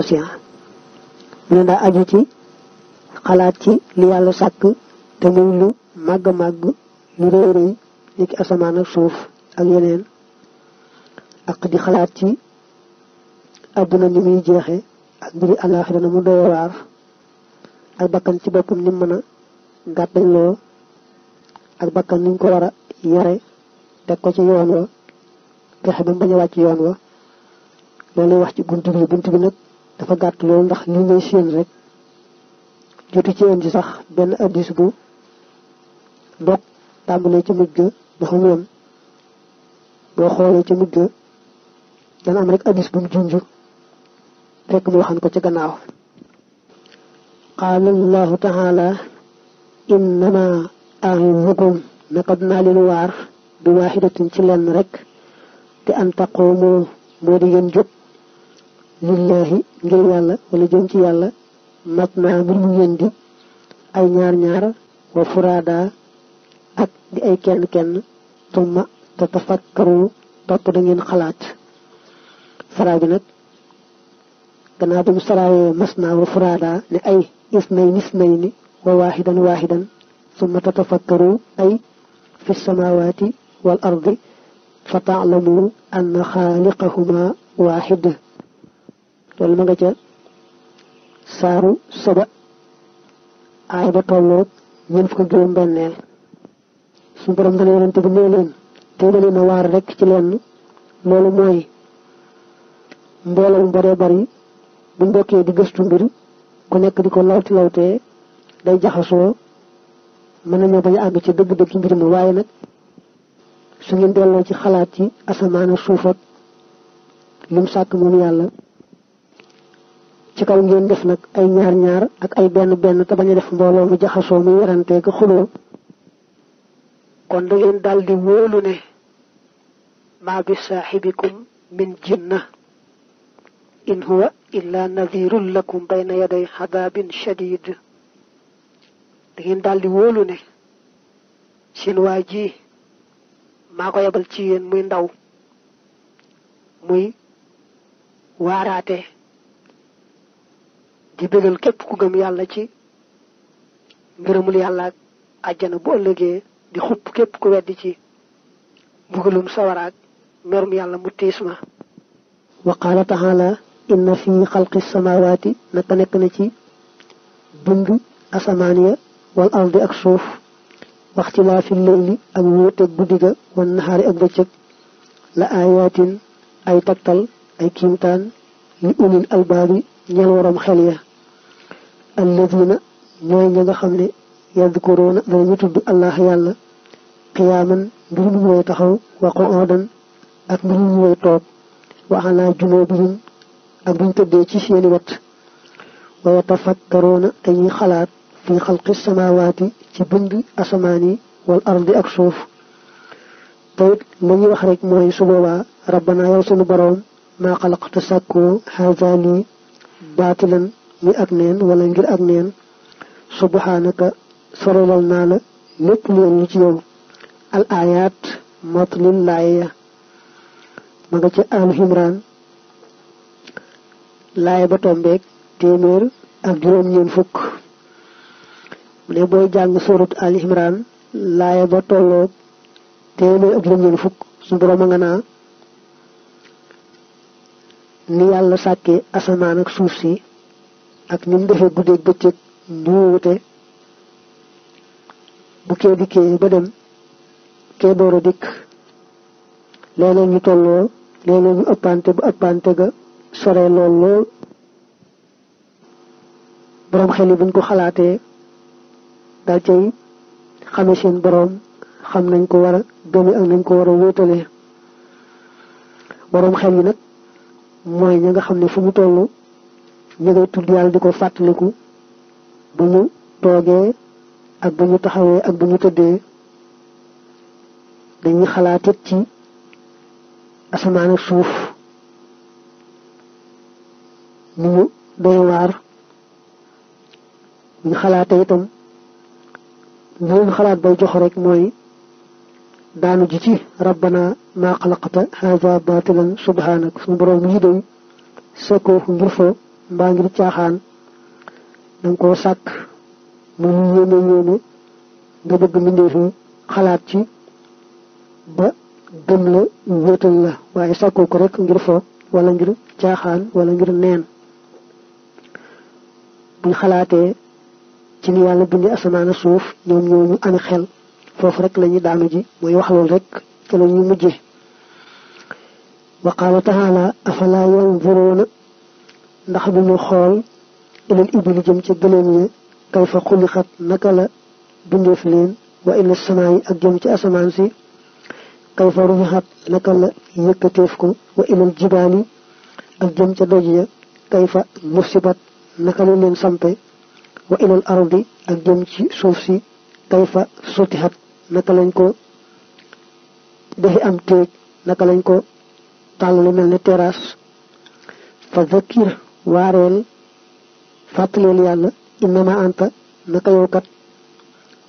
asiya ñu daa aju ci xalaat ci lu yàlla sàkk te muy lu màgg màgg lu rëy rëy ni ki asamaan ak suuf ak yeneen ak di xalaat ci àdduna ni muy jeexe ak mbiri alaaxira na mu doy waar ak bakkan ci boppam ni mën a gàttañ loo ak bakkan ni ko war a yare teg ko ci yoon wa fexe ba mu bañ a wàcc yoon wa loolu wax ci bunt bi bunt bi nag dafa gàtt loolu ndax li ngay séen rek jotu ci indi sax benn addis bu dog tàmbalee ci mujj ga dafa woon boo xoolee ci mujj ga dana rek addis bu mu junj rek mu waxan ko ci gannaaw qaala allahu taala innama a'izukum naka dinaa leen waar bi waaxidatin ci lenn rek te an taqoomoo moo di ngeen jóg lillaahi ngir yàlla wala jëm ci yàlla mat naa mbir ay ñaar ñaar wa furaada ak di ay kenn kenn tumma te tafakkaru topp da ngeen xalaat saraa bi nag gannaaw bu ñu saraayoo furaada ne ay isnayni isnayni wa waaxidan waaxidan summa te ay fi samaawaati wal fa taalamu anna xaaliqahuma waaxid loolu ma nga ca saaru soba aay ba tolloog ñeent fukk ak juróom benneel suñu borom dana yonante bi nee leen tey da leen a waar rek ci lenn loolu mooy mbooloo mu baree bari bu mbokkee di gëstu mbir ku nekk di ko lawti lawtee day jaxasoo mën nañoo bañ a àgg ci dëgg-dëgg mbir mi waaye nag su ngeen delloo ci xalaat ci asamaan ak suuf ak lum sàkk moom yàlla ci kaw ngeen def nag ay ñaar ñaar ak ay benn benn te bañ def mbooloo mu jaxasoo muy werantee ko xuloo kon da ngeen daal di wóolu ne maa bi saaxibikum min jinna in huwa illa nadirun lakum bayna yaday xadaabin shadid da ngeen daal di ne seen waa ji maa ko yebal ci yéen muy ndaw muy waaraate di bégal képp ku gëm yàlla ci ngërëmul yàlla ak àjjana bu ëllëgee di xupp képp ku weddi ci mbugalum sawaraak merum yàlla mu tiis ma wa qaala taala inna fi xalqi samawaati naka nekk na ci bind asamaan ya wal ardi ak suuf waxtilaafi layli ak wuuteeg guddi ga wan naxaari ak bëccëg la aayaatin ay taktal ay kiimtaan li ulil albaabi ñeel waroom xel ya alladina ñooy ña nga xam ne yadkuruuna danañu tudd allah yàlla qiyaaman mbir mi mooy taxaw wa qu'udan ak mbir mi mooy toog wa ala junuubihim ak buñ tëddee ci seeni wet wa yatafakkaruuna te ñuy xalaat fi xalqi samaawaati ci bind asamaan yi wal ardi ak suuf te it wax rek mooy su boobaa rabbana yow sunu boroom maa xalaqta sàkkoo haazaa lii ak neen wala ngir ak neen subhanaka sorolal nga ci al himran ba tombeek téeméer mu ne booy jàng surut al himran laaya ba tolloog téeméer ak juróom ñeen fukk su borom a nga naa ni yàlla sàkkee asamaan ak suuf si ak ni mu defee guddeeg bëccëg ñu wute bu kee dikkee ba dem kee door a dikk léeg-léeg ñu tolloo léeg ñu ëppante bu ëppante ga sore lool lool boroom xel yi buñ ko xalaatee daal cay xame seen boroom xam nañ ko wara a gëme ak nañ ko war a wóotalee boroom xel yi nag mooy ña nga xam ne fu mu tollu ña ngay tudd yàlla di ko fàttaliku bu ñu toogee ak bu ñu taxawee ak bu ñu tëddee dañuy xalaat it ci asamaan ak suuf ni mu doy waar ñu xalaate itam ñoom xalaat bay jox rek mooy daanu ji ci rabbana maa xalaqta haza batilan subhanak su borom yi doy sokkoo ngir fa mbaa ngir caaxaan da nga koo sàkk mu yéeme yéeme nga bëgg mbindeef yi xalaat ci ba gëm la wéetal la waaye sàkkoo ko rek ngir fo wala ngir caaxaan walla ngir neen buñ xalaatee ci ni yàlla bindi asamaan suuf ñoom ñoo ñu amee xel foofu rek la ñuy daanu ji mooy wax loolu rek te la ñuy mujje wa qaala taala afala ndax duñu xool ilal ibili jëm ci gëléem ya kay fa xuliqat naka la bindeef leen wa ila samaa ak jëm ci asamaan si kay fa rufixat naka la yëkkateef ko wa ilal jibaali ak jëm ca doj ya kay fa nusibat naka la leen sampe wa ilal ardi ak jëm ci suuf si kay fa sotixat naka lañ ko defi am téeg naka lañ ko tàllale mel ne terrasse fa zakir waareel fàttaleel yàlla innama anta naka yow kat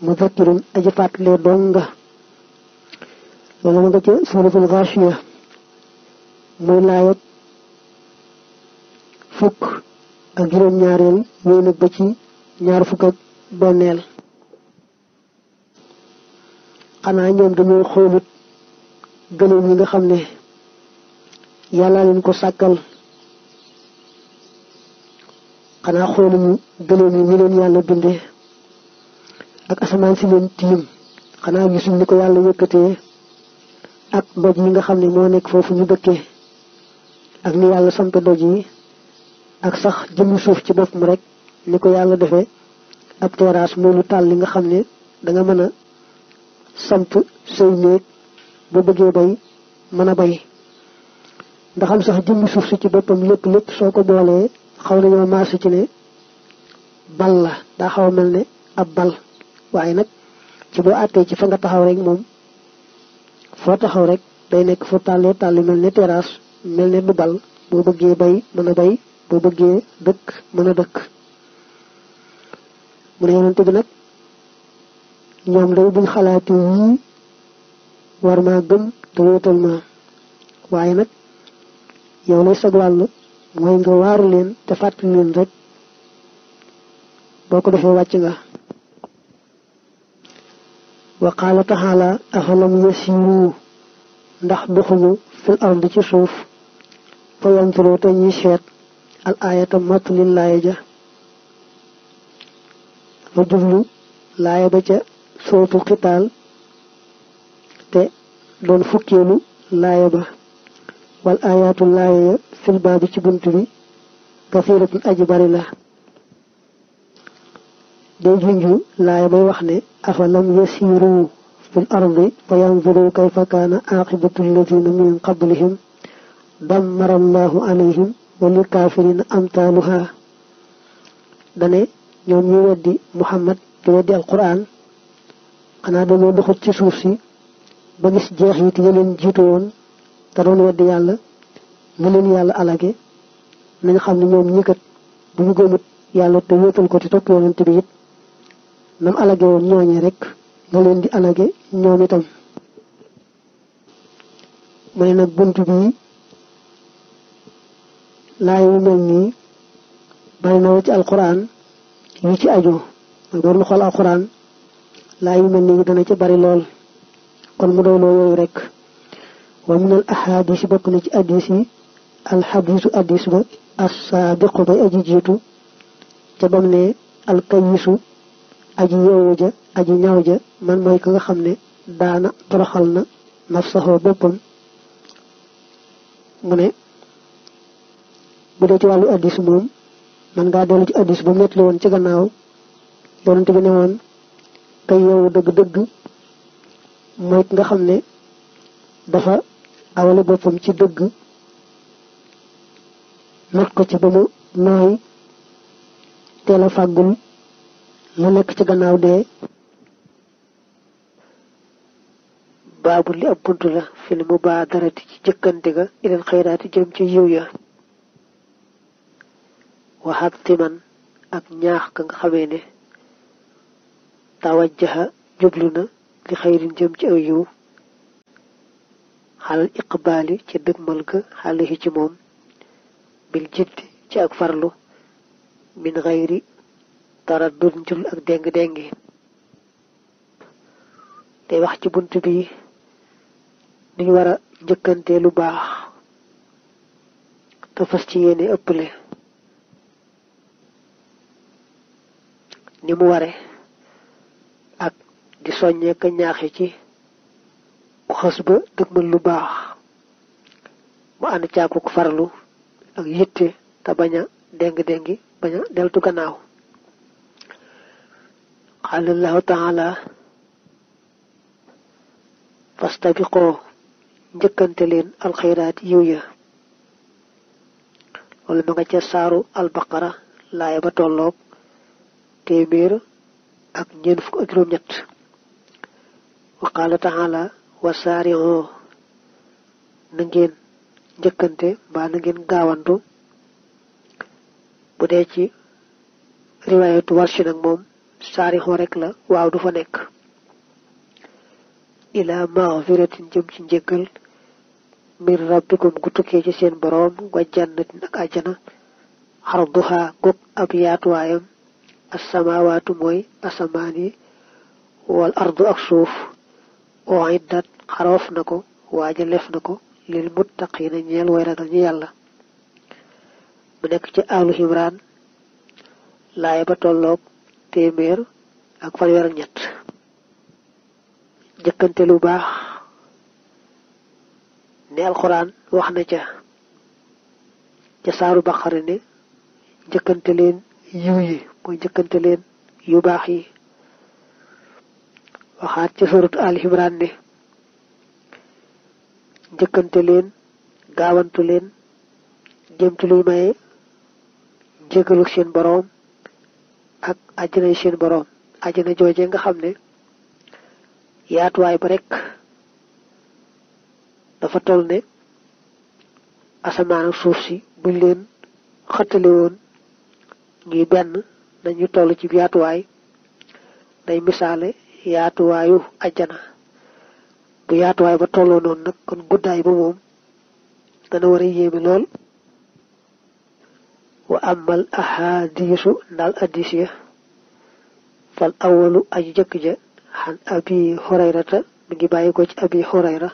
muzakkirun aji fàttalee dong nga loolu ma nga ca suratul Gaashiya fukk ak juróom-ñaareel ñëw nag ci ñaar fukk ak benneel xanaa ñoom dañoo xoolut gëléem yi nga xam ne yàlla leen ko sàkkal xanaa xooluñu gëléem yi ñu leen yàlla bindee ak asamaan si leen tiim xanaa gisuñ ni ko yàlla yëkkatee ak doj mi nga xam ne moo nekk foofu ñu dëkkee ak ni yàlla sampe doj yi ak sax jëmm suuf ci boppam rek ni ko yàlla defee ab terrasse loolu taal li nga xam ne danga nga mën a samp say néeg boo bëggee bay mën a bay ndaxam sax jëmm suuf si ci boppam lépp lépp soo ko boolee xaw nañoo marché ci ne bal la daa xaw a mel ne ab bal waaye nag ci boo àttee ci fa nga taxaw rekk moom foo taxaw rek day nekk fu tàllee tàlli mel ne terrasse mel ne du bal boo bëggee bay mën a bay boo bëggee dëkk mën a dëkk mu ne yonente bi nag ñoom day buñ xalaati yii war maa gëm te wéetal waaye nag yow lay sag wàll mooy nga waaru leen te fàttali leen rek boo ko defee wàcc nga wa qaala taxaala afalam yasiru ndax doxuñu fil ardi ci suuf fa yanturu te ñuy seet al aayata mott lin laaya ja fa laaya ba ca sootu xitaal te doon fukkeelu laaya ba wal aayaatu laaya ya fil baabi ci bunt bi kasiiratul aji la day junju laay may wax ne afalam yasiru fil ardi fa yanzuru kayfa kaana aqibatu alladina min qablihim dammara allahu alayhim wa lil kaafirina dane ñoom ñu weddi muhammad di weddi alquran xanaa dañoo doxut ci suuf si ba gis jeex yi te yeneen jiitu woon te yàlla bu leen yàlla alage nañ xam ne ñoom ñëkkat bu ñu gëmut yàlla te wéetal ko ci topp yonent bi it nam alage woon ñooñee rek la leen di alage ñoom itam mu ne nag bunt bii laay wu mel nii bari na ci alquran yu ci ajo mooy boo doon xool alquran laay wu mel nii dana ci bari lool kon mu doy loo yooyu rek wa minal ahadis bokk na ci hadis yi alxadiisu addis ba assaabiqu bay aji jiitu ca bam ne alkayisu aji yeewu ja aji ñaw ja man mooy ka nga xam ne daana toroxal na nafsaxoo boppam mu ne bu dee ci wàllu addis moom man ngaa dellu ci addis ba metti woon ci gannaaw yonente bi ne woon kay yeewu dëgg-dëgg mooy ki nga xam ne dafa awale boppam ci dëgg not ko ci ba mu nooy teel fàggul lu nekk ci gannaaw dee baabu li ab bunt la fil mubaadarati ci jëkkante ga ilal xayraati jëm ci yiw ya waxaat timan ak ñaax ka nga xamee ne tawajjaha jublu na li xayrin jëm ci aw yiw xalal iqbaali ci dëgmal ga xale ci moom bil jiddi ci ak farlu min xayri taraddud njul ak déng-déngi tey wax ci bunt bi niñ war a njëkkante lu baax te ci yéene ëpple ni mu ware ak di soññee ka ñaaxe ci ku xës ba dëgmal lu baax mu ànd caaku farlu ak yitte te bañ a déng-déngi deltu gannaaw qaala allahu taala fastabiqoo njëkkante leen alxayraat yiw ya wala ma nga ca saaru albaqara laay ba tolloog téeméer ak ñeent fukk ak juróom-ñett wa qaala taala wa saarioo na njëkkante mbaa na ngeen gaawantu bu dee ci riwaayatu warsh nag moom saarixoo rek la waaw du fa nekk ilaa maxfiratin jëm ci njëggal mbir rabbikum gu tukkee ci seen boroom wa jannatin ak àjjana xarduha gog ab yaatuwaayam assamaawaatu mooy asamaan yi wal ardu ak suuf oo iddat xaroof na ko waaja lef na ko lil muttaqiina ñeel way ragal ñu yàlla mu nekk ci alu Imran laay ba tolloog téeméer ak fanweer ak ñett jëkkante lu baax ne alxuraan wax na ca ca saaru baqara ne jëkkante leen yiw yi mooy jëkkante leen yu baax yi waxaat ca suuratu al Imran ne njëkkante leen gaawantu leen jëm ci luy maye njëgalu seen boroom ak àjjanay seen boroom àjjana jooje nga xam ne yaatuwaay ba rekk dafa toll ne asamaan ak suuf si buñ leen xëttale woon ñuy benn nañu toll ci yaatuwaay day misaale yaatuwaayu àjjana bu yaatuwaay ba tolloo noonu nag kon guddaay ba moom dana war a yéeme lool wa amal ahadiisu ndaal addis fal awalu aji jëkk ja abi hurayrata mi ngi bàyyi ko ci abi hurayra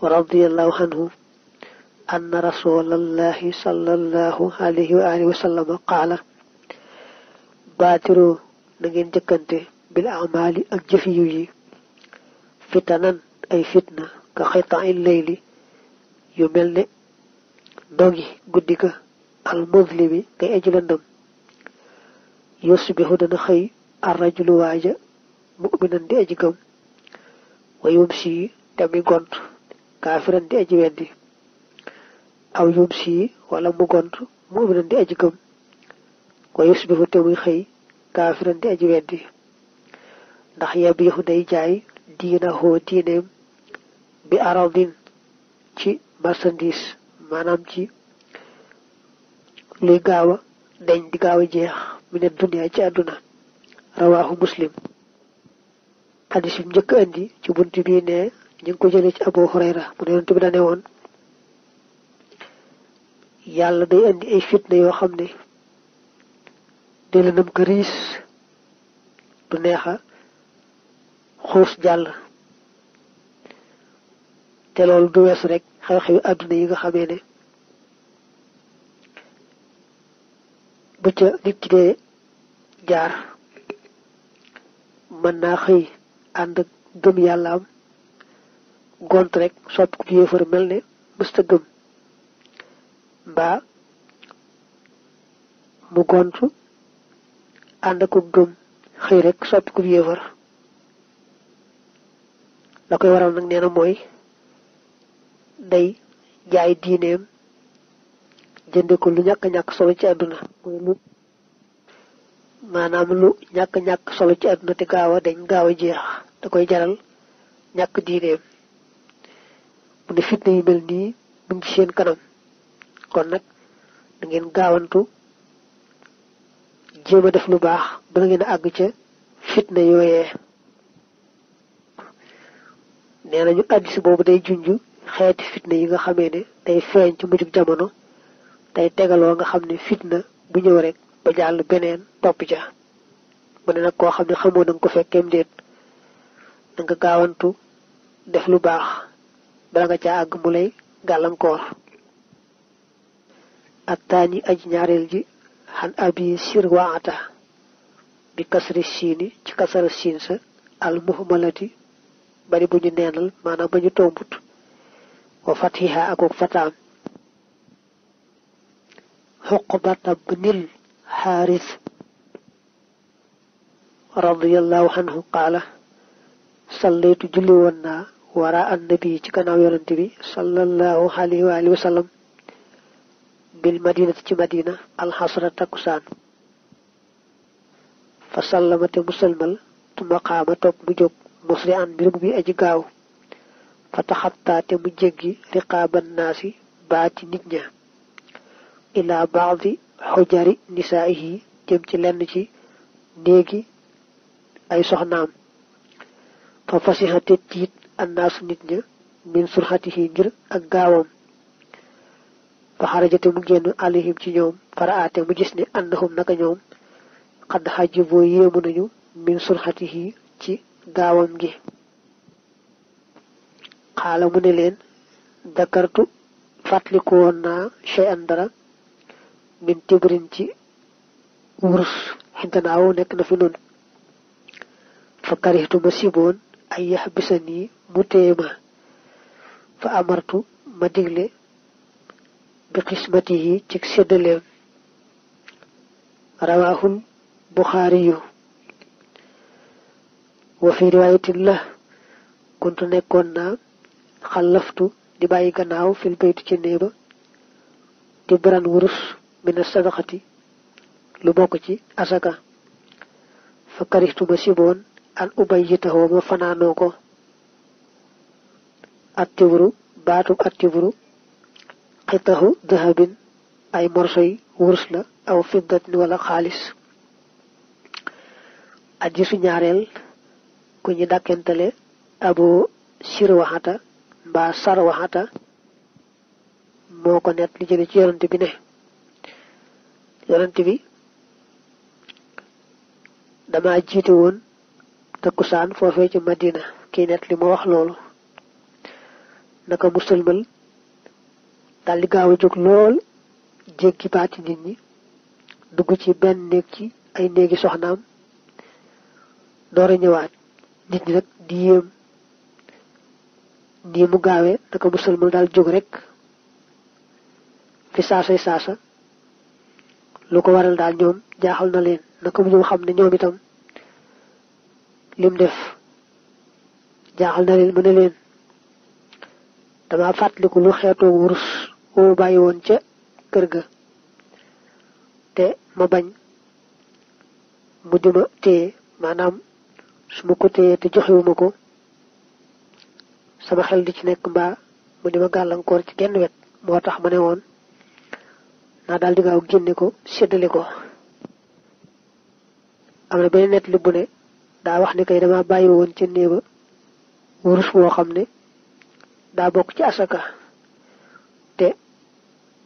wa radiallahu anhu anna rasulallahi wa alihi wa qaala baatiroo na ngeen jëkkante bil amali ak jëf fitanan ay fitna ka xitaail layli yu mel ne dogi guddi ga al muzlimi kay aji lëndëm yusbihu dana xëy arrajulu waaja muminan di aji gëm wa yumsi te mi gont kaafiran di aji weddi aw yumsi wala mu gont muminan di aji gëm wa yusbihu te muy xëy kaafiran di aji weddi ndax yabiixu day jaay diinahu diineem bi aradin ci marchandise maanaam ci luy gaaw a dañ di gaaw jeex mu ne duniyaa ci àdduna rawaahu muslim xadis bi njëkk andi ci bunt bii ne ñu ngi ko jëlee ci abu hurayra mu ne yonent bi dane yàlla day andi ay fitna yoo xam ne dee la du neexa xuus jàll te loolu du weesu rek xew-xewi àdduna yi nga xamee ne bu ca nit ki dee jaar mën naa xëy ànd ak gëm yàllaam gont rek soppi ko yéefar mel ne mësta gëm mbaa mu gont ànd ak gëm xëy rek soppi ko yéefar la koy waral nag nee mooy day jaay diineem jënde ko lu ñàkk ñàkk solo ci àdduna mooy lu maanaam lu ñàkk ñàkk solo ci àdduna te gaaw a dañ gaaw a jeex da koy jaral ñàkk diineem mu ne fitna yu mel nii mu ci seen kanam kon nag dangeen ngeen gaawantu jéem a def lu baax bala ngeen a àgg ca fitna yooyee nee nañu addis boobu day junj xeeti fitna yi nga xamee ne day feeñ ci mujjub jamono tey tegaloo nga xam ne fitna bu ñëw rek ba jàll beneen topp ja mu ne nag koo xam ne xamoo na ko fekkeem déet danga nga gaawantu def lu baax bala nga caa àgg mu lay gàllankoor ak taañi aji ñaareel ji xan abi sirwaata bi kasari siini ci kasara siin sa al muhmalati bari bu ñu neenal maanaam ba tombut wa fatiha akook fataam xuqbata bnil xaaris radiallahu anhu qaala sallaytu julli woon naa wara annabi ci gannaaw yonante bi sallallahu alayhi bil madinati ci madina alxasra takkusaan fa sallamate musalmal tuma qaama topp mu jóg musri an mbir muy aji gaaw fa taxattaate mu jéggi riqaaban naasi baati nit ña ilaa baadi xujari nisaa'ihi jëm ci lenn ci néegi ay soxnaam fa fasixate tiit annaasu nit ña min surxatihi ngir ak gaawam fa xarajate mu génn alihim ci ñoom faraate mu gis ne annahum naka ñoom xadd xajibo yéemu nañu min surxatihi ci gaawam gi xaala mu ne leen dakartu fàttaliku woon naa chey an dara tibrin ci wurus xintanaaw nekk na fi noonu fa karixtu ma siboon ay yax bisani mu téema fa amartu ma digle bi xismati yi ci séddaleem rawaahul buxaari yu wa fi riwaayatin la kuntu nekkoon naa xalaftu di bàyyi gannaaw fil baytu ci néeba di baran wurus mina sadaqati lu bokk ci asaka fa karixtu ma siboon an ubay yitahoo ma fanaanoo ko attibru baatum attibru xitaxu dahabin ay morsoy wurus la aw fiddatin wala xaalis aji su ñaareel ku ñu dàkkentale abu sirwaxata mbaa sarwaxata moo ko net lu jële ci yonante bi ne yonante bi dama jiite woon takkusaan foofee ci madina kii net li moo wax loolu naka musulmal daal di gaaw jóg lool jéggi baati nit ñi dugg ci benn néeg ci ay néegi soxnaam door ñëwaat nit ñi nag di yéem nii mu gaawee naka musalmal daal jóg rek fi saasay saasa lu ko waral daal ñoom jaaxal na leen naka mu xam ne ñoom itam lim def jaaxal na leen mu ne leen dama fàttaliku lu xeetoo wurus woo bàyyi woon ca kër ga te ma bañ mujj ma maanaam su ma ko téyee te joxewuma ko sama xel di ci nekk mbaa mu di ma gàllankoor ci genn wet moo tax ma ne woon naa daal di gaaw génne ko séddale ko am na benn nett li bu ne daa wax ne kay dama bàyyi woon ca néeba wurus woo xam ne daa bokk ci asaka te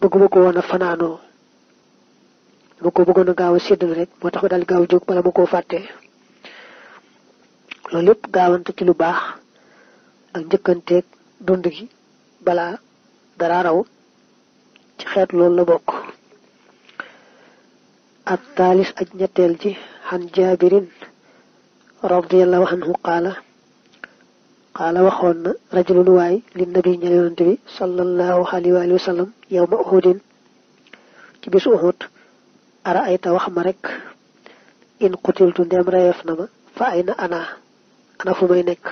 bëgguma ko woon a fanaanoo dama ko bëggoon a gaaw a séddale rek moo tax ma daal gaaw jóg bala ma koo fàttee loolu yëpp gaawante ci lu baax ak njëkkanteeg dund gi bala dara raw ci xeet loolu la bokk ak taalis ak ñetteel ji xan jaabirin radiallahu anhu qaala qaala waxoon na rajulun waay li nabi ñel bi sallallahu alayhi wa alihi wa sallam yawma ci bisu uhud ara ayta wax ma rek in qutiltu ndeem reyeef na ma fa ay na ana fu may nekk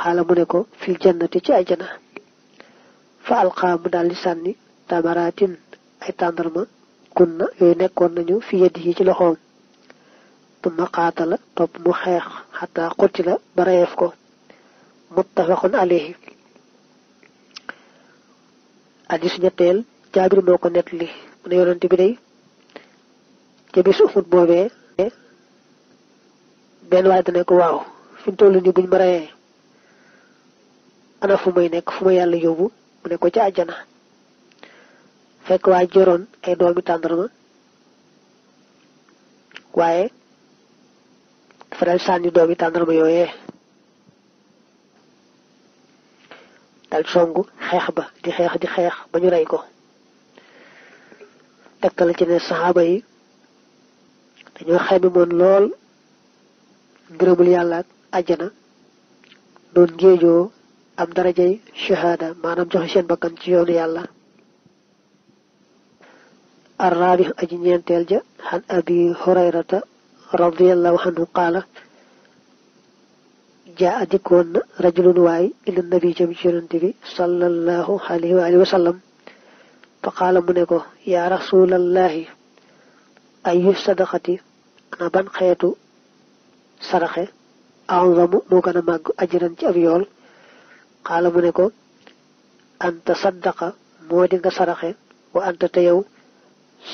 xaala ne ko fi jannati ci ajjana fa alqaa mu daldi di sànni tamaraatin ay tàndarma kunna yooyu nekkoon nañu fi yeddi yi ci loxoom tumma topp mu xeex xataa qutila ba reyeef ko muttafaqun alayhi hadiis ñetteel jaabir moo ko nettali mu ne yonent bi day ca bisu Uhud boobee benn waaye dana ko waaw fi mu toll nii buñ ma reyee ana fu may nekk fu ma yàlla yóbbu mu ne ko ca àjjana fekk waa joroon ay doomi tàndarma waaye dafa dal sànni doomi tàndarma yooyee dal songu xeex ba di xeex di xeex ba ñu rey ko tekkal ci ne saxaaba yi dañoo xebi moon lool ngërëmul yàlla ak àjjana doon géejoo am darajay shahaada maanaam joxe seen bakkan ci yoonu yàlla arraabi aji ñeenteel ja xan abi hurayrata radiallahu anhu qaala jaa dikkoon na rajulun waay ila nabi jëm ci yonente bi sallallahu alayhi wa alihi fa qaala mu ne ko yaa rasulallahi ayu sadaqati ana ban saraxe a'zamu moo gën a màgg ci ab yool xaala ne ko anta saddaqa moo di nga saraxe wa anta te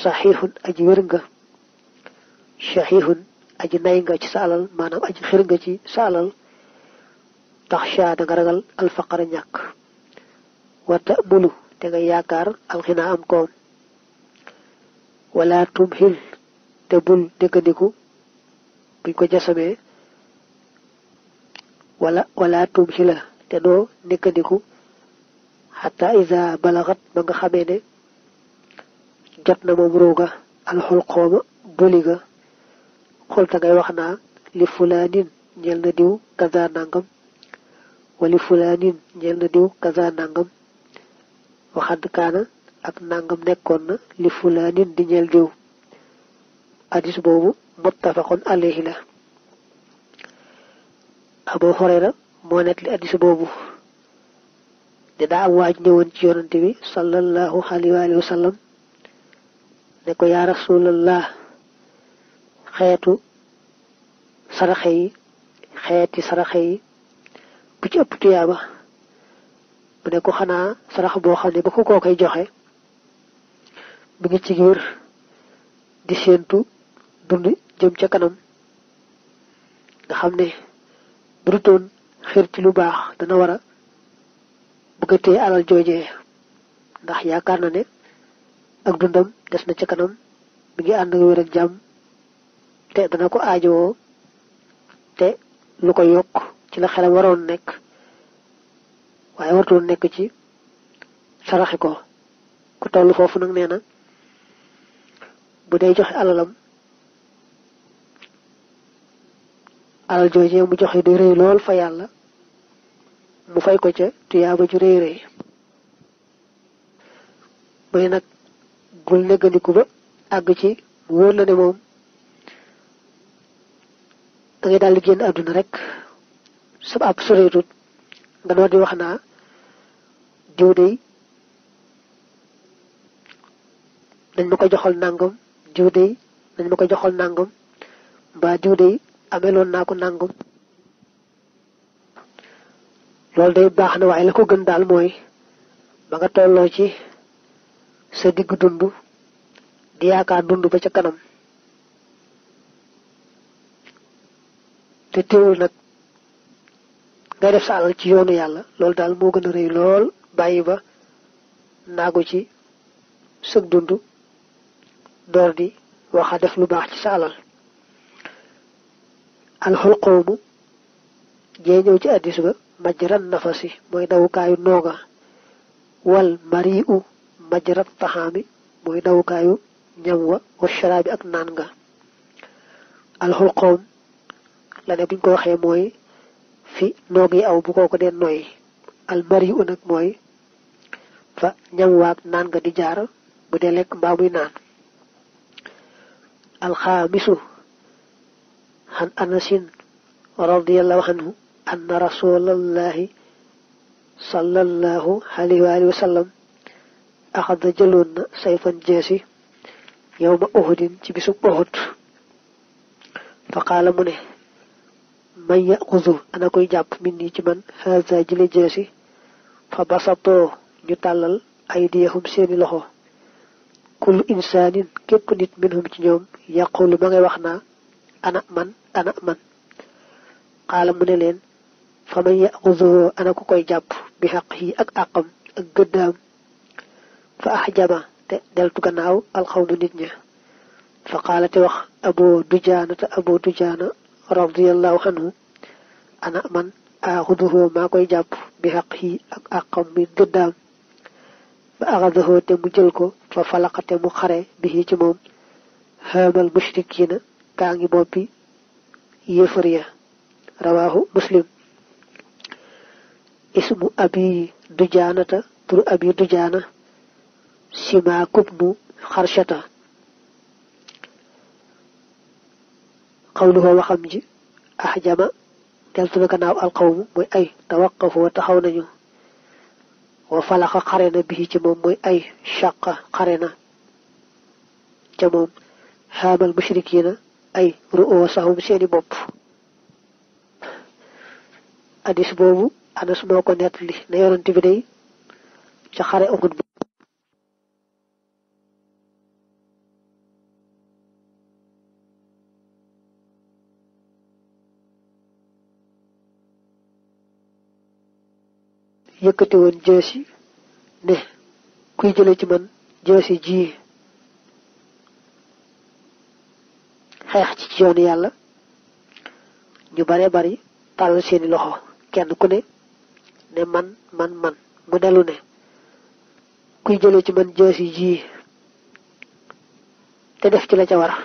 saxiixun aji wér saxiixun aji nay nga ci sa alal aji xir ci sa tax shaa da nga ragal alfaqara ñàkk wata mulu te nga yaakaar alxinaa am koom wala tumhil te bul dëggandiku buñ ko jasamee wala wala tuum si la te doo nekkandiku xata isa balaxat ba nga xamee ne jot na moom ruuga alxul xooma buli ga xolta ngay wax naa li fulaanin ñel na na diw kaza nangam waxad kaana ak nangam nekkoon na li fulaanin di ñel diw addis boobu muttafaqun alayhi la abu hurayra moo nekk li addis boobu ne daa am waaj ñëwoon ci yonante bi sallallahu alayhi wa sallam ne ko yaa rasulallah xeetu saraxe yi xeeti saraxe yi bu ci ëpp tuyaaba mu ne ko xanaa sarax boo xam ne ba ko koy joxe mu ngi ci wér di séentu dund jëm ca kanam nga xam ne bu dutoon xir ci lu baax dana wara a bëgg a téye alal joojee ndax yaakaar na ne ak dundam des na ca kanam mi ngi ànd nga wér jàmm te dana ko aajowoo te lu ko yokk ci la xelam waroon nekk waaye wartoon nekk ci saraxe ko ku toll foofu nag nee na bu dee joxe alalam alal joojee mu joxe du rëy lool fa yàlla mu fay ko ca tuyaaba ju rëy rëy mu ne nag bul neggandiku ba àgg ci mu wóor la ne moom da ngay génn àdduna rek sab ab soreetut nga noor di wax naa diw dañ ma ko joxal nangam diw dañ ma ko joxal nangam mbaa diw ameloon naa ko nangam loolu day baax na waaye la ko gën daal mooy ba nga tolloo ci sa diggu dund di yaakaar dund ba ca kanam te teewul nag ngay def sa alal ci yoonu yàlla loolu daal moo gën a rëy lool bàyyi ba naagu ci sëg dund door di waxa def lu baax ci sa alal alxulqoomu jee ñëw ci addis ba majran nafasi mooy dawukaayu nooga wal mariu majrat taxaami mooy dawukaayu ñam wa wa ak naan nga alxulqoom la ne ko waxee mooy fi noog yi aw bu koo ko deen nooy al mariu nag mooy fa ñam waag naan nga di jaar bu dee lekk mbaa muy naan alxaamisu an anasin radiallahu anhu anna rasulallahi sallallahu alayhi wa alihi wa sallam yowma uhudin ci bisub uhud fa qaala mu ne man yaqudu ana koy jàpp min ci man haza jële jeesi fa basatoo ñu tàllal aydiyahum seeni loxo kullu insaanin képp nit minhum ci ñoom yaqulu ma ngay wax ana man ana man xaala mu ne leen fa man yaxuzuhu ana ku koy jàpp bi xaq yi ak àqam ak gëddaam fa axjama te deltu gannaaw alxawmu nit ña fa xaala te wax abu dujaana te abu dujaana radiallahu anhu ana man axuduhu maa koy jàpp bi xaq yi ak àqam min gëddaam fa axadahu te mu jël ko fa falaqa te mu xare bi ci moom xaamal mushrikiina gaa ngi boppi yéefar ya rawaahu muslim ismu abi dujaanata turu abi dujaana simaakub nu xarshata xawluhu waxam ji ahjama deltu na gannaaw alxawmu mooy ay tawaqafu wa taxaw nañu wa falaxa xare na bii ci moom mooy ay shaqa xare na ca moom xaamal mushrikiina ay ru'oo sahum seeni bopp addis boobu anas moo ko nettali na yonent bi day ca xare Uhud bi yëkkati woon ne kuy jële ci man jësi ji xeex ci ci yoonu yàlla ñu bare bari tàllal seeni loxo kenn ku ne ne man man man mu dellu ne kuy jële ci man joosi ji te def ci la ca wara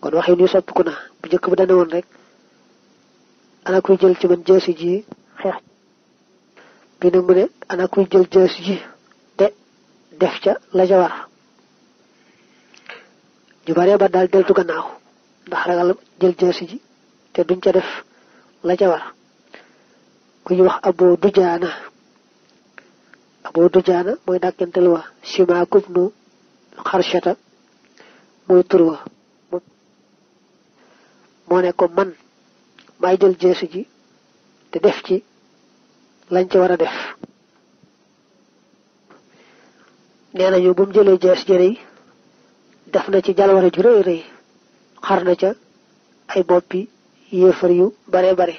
kon waxin yu na bu njëkk bu dana woon rek ana kuy jël ci man joosi ji xeex bi nag mu ne ana kuy jël joosi ji te def ca la ca war ñu bare ba daal deltu gannaaw ndax ragal jël jeesi ji te duñ ca def la ca war ku ñu wax abo dujaana abo dujaana mooy dàkkantel wa simaakub nu xarchata mooy tur wa moo ne ko man may jël jeesu ji te def ci lañ ci war a def nee nañu bu mu jëlee jees jëre yi def na ci jalwara ju rëy rëy xar na ca ay boppi yéefar yu bare bare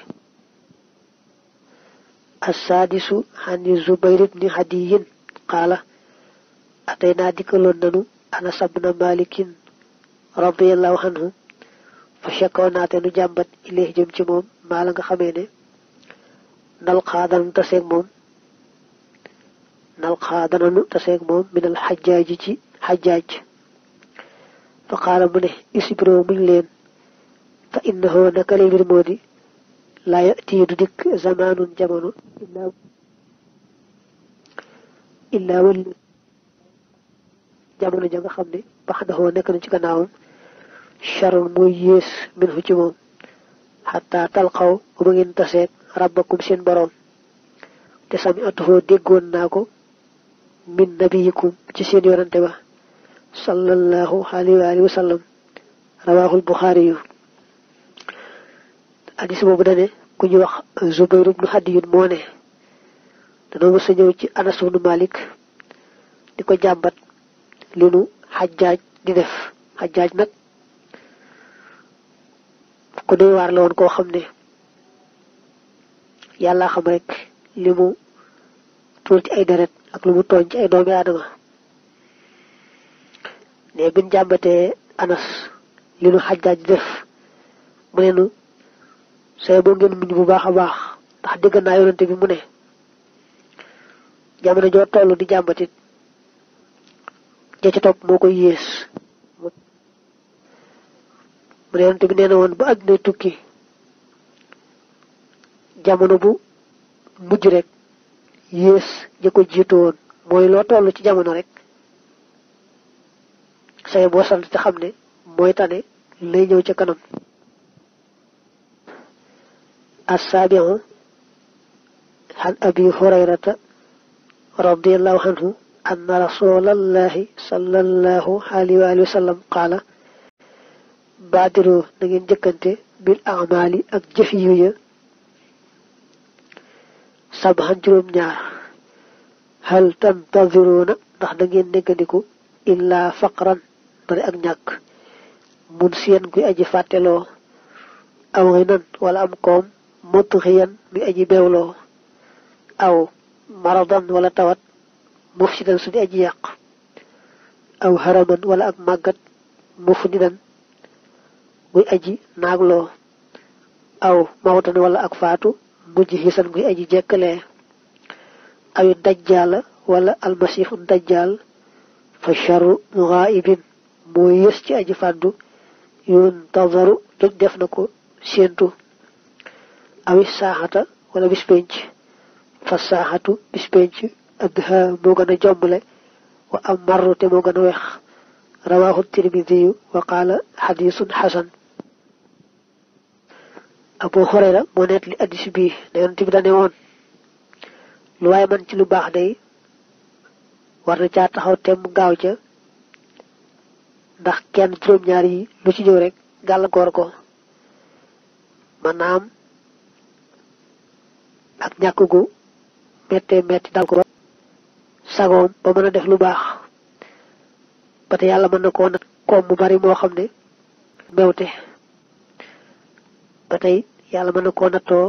assaadisu xani zubayr ibni hadiyin qaala atay naa dikkaloon nanu anas malikin radiallahu anhu fa chekkoo nu jàmbat ileex jëm ci moom maa nga xamee ne nal xaadanu taseeg moom nal xaadanu taseeg moom minal xajjaaji ci xajjaaj fa xaala mu ne isibro muñ leen fa innahoo naka lay mbir moo di laa yatii dikk zamaanun jamono illaa illaa jamono ja nga xam ne bax daxoo nekk na ci gannaawam charun mooy yées min ci moom xataa talxaw ba ngeen taseeg rabbakum seen boroom te sami atuhoo déggoon naa ko min nabiyikum ci seen yonante ba sallallahu alayhi wa alihi buxaari yu hadis boobu dane ku ñu wax Zubayr ibnu Hadiyun moo ne danoo mës a ñëw ci Anas ibnu Malik di ko jàmbat li nu xajjaaj di def xajjaaj nag ku doy la woon koo xam ne yàlla xam rek li mu tuur ci ay deret ak lu mu tooñ ci ay doomi aadama ne bi mu jàmbatee anas li nu xajjaaj def mu ne nu say boo ngeen muñ bu baax a baax ndax dégg naa yonante bi mu ne jamono joo toll di jàmbatit ja ci topp moo koy yées mu ne yonante bi nee na woon ba àdduna tukki jamono bu mujj rek yées ña ko jiitu woon mooy loo toll ci jamono rek saye boo sant te xam ne mooy tane lay ñëw ca kanam assaabiu an abi hurayrata radiallahu anhu anna rasulallahi sallallahu alayhi wa alihi wa sallam qaala baadiru na ngeen jëkkante bil amali ak jëf yu ya sabaxan juróom ñaar hal tantadiruuna ndax da ngeen faqran bari ak ñàkk mun siyen kuy aji fàtteloo aw rinan wala am koom moturiyan muy aji beewloo aw maradan wala tawat mufsidan su di aji yàq aw haraman wala ak màggat mufnidan muy aji naagloo aw mawtan wala ak faatu mujj xisan muy aji jekkalee awi dajjaala wala almasiixu dajjaal fa charu gaibin moo yées ci aji fàddu yoon tawaru def na ko séentu awi saaxata wala bis penc fa saaxatu bis penc ak gën a jombale wa am marru te moo gën a weex rawaahu tirmidiyu wa qaala xadiisun xasan abu xurayra moo li addis bii ne yonent bi woon lu waaye man ci lu baax day war na caa taxaw temm gaaw ndax kenn juróom-ñaar yi lu ci ñëw rek gàllankoor ko maanaam ak ñàkk gu méttee métti dal ko sagoom ba mën a def lu baax ba te yàlla mën na koo nag koom mu bari moo xam ne mbewte ba tey yàlla mën na koo nattoo